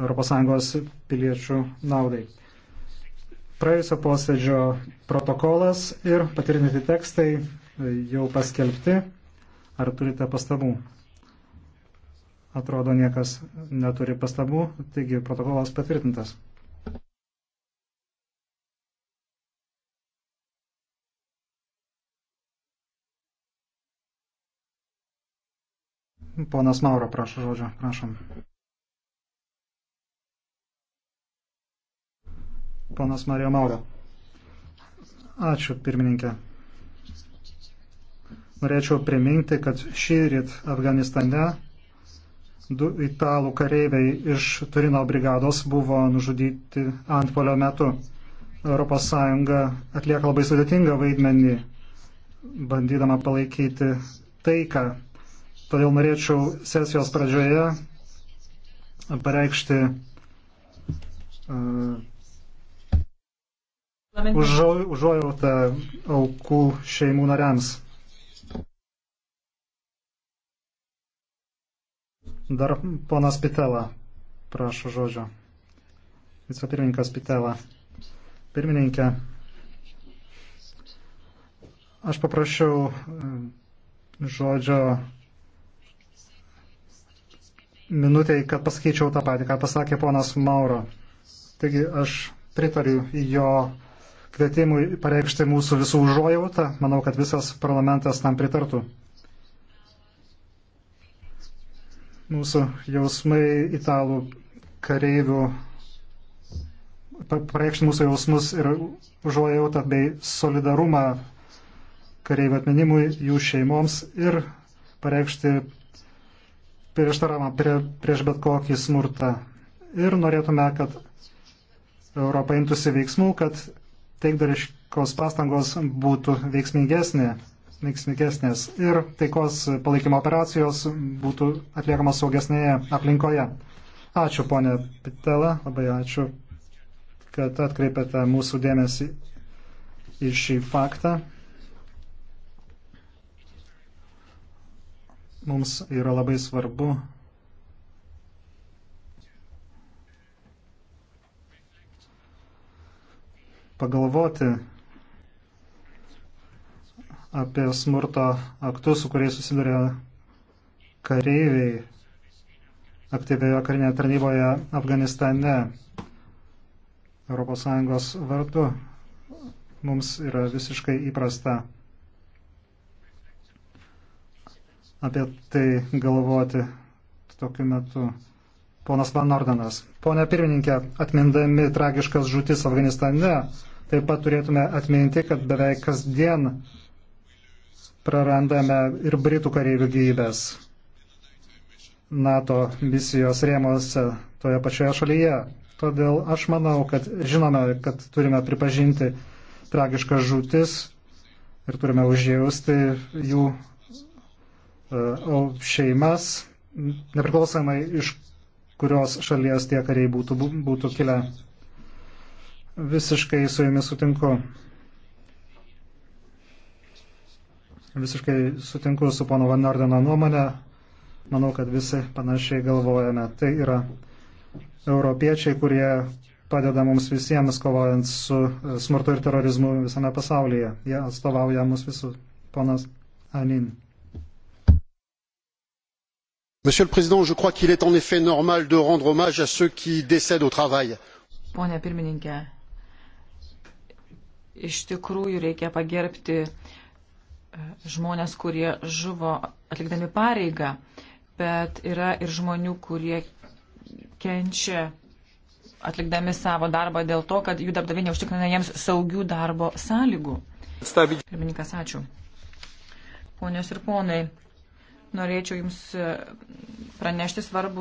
ES piliečių naudai. Praėjusio posėdžio protokolas ir patvirtinti tekstai e, jau paskelbti. Ar turite pastabų? Atrodo, niekas neturi pastabų, taigi protokolas patvirtintas. Ponas Mauro, prašau žodžio, prašom. Ponas Mario Mauro. Ačiū, pirmininkė. Norėčiau priminti, kad šį ryt Afganistane du italų kareiviai iš Turino brigados buvo nužudyti antpolio metu. ES atlieka labai sudėtingą vaidmenį, bandydama palaikyti taiką. Todėl norėčiau sesijos pradžioje pareikšti uh, užuojautą aukų šeimų nariams. Dar ponas Pitela, prašo žodžio. Vicepirmininkas Pitela. Pirmininkė, aš paprašiau e, žodžio minutėj, kad pasakyčiau tą patį, ką pasakė ponas Mauro. Taigi aš pritariu jo kvietimui pareikšti mūsų visų užuojautą. Manau, kad visas parlamentas tam pritartų. Mūsų jausmai italų kareivių, pareikšti mūsų jausmus ir užuojautą bei solidarumą kareivių atminimui, jų šeimoms ir pareikšti prieštaravimą prie, prieš bet kokį smurtą. Ir norėtume, kad Europa imtųsi veiksmų, kad taikdariškos pastangos būtų veiksmingesnė, veiksmingesnės ir taikos palaikymo operacijos būtų atliekamos saugesnėje aplinkoje. Ačiū, ponė Pitela, labai ačiū, kad atkreipėte mūsų dėmesį į šį faktą. Mums yra labai svarbu pagalvoti apie smurto aktus, su kuriais susiduria kareiviai aktyvioje karinėje tarnyboje Afganistane ES vardu. Mums yra visiškai įprasta apie tai galvoti tokiu metu ponas Van Ordenas. Pone pirmininkė, atmindami tragiškas žūtis Afganistane, taip pat turėtume atminti, kad beveik kasdien prarandame ir Britų kareivių gyvybės NATO misijos rėmose toje pačioje šalyje. Todėl aš manau, kad žinome, kad turime pripažinti tragiškas žūtis ir turime užjausti jų e, šeimas, nepriklausomai iš kurios šalies tie kariai būtų, būtų kilę. Visiškai su jumis sutinku. Visiškai sutinku su pono Van Nordeno nuomonė. Manau, kad visi panašiai galvojame. Tai yra europiečiai, kurie padeda mums visiems kovojant su e, smurtu ir terorizmu visame pasaulyje. Jie atstovauja mus visus. Ponas Anin monsieur le président je crois qu'il est en effet normal de rendre hommage à ceux qui décèdent au travail. pone pirmininke iš tikrųjų reikia pagerbti e, žmonės kurie žuvo atlikdami pareigą bet yra ir žmonių kurie kenčia atlikdami savo darbą dėl to kad jų darbdaviai neužtikrina jiems saugių darbo sąlygų. pirmininkas ačiū. ponios ir ponai norėčiau Jums e, pranešti svarbu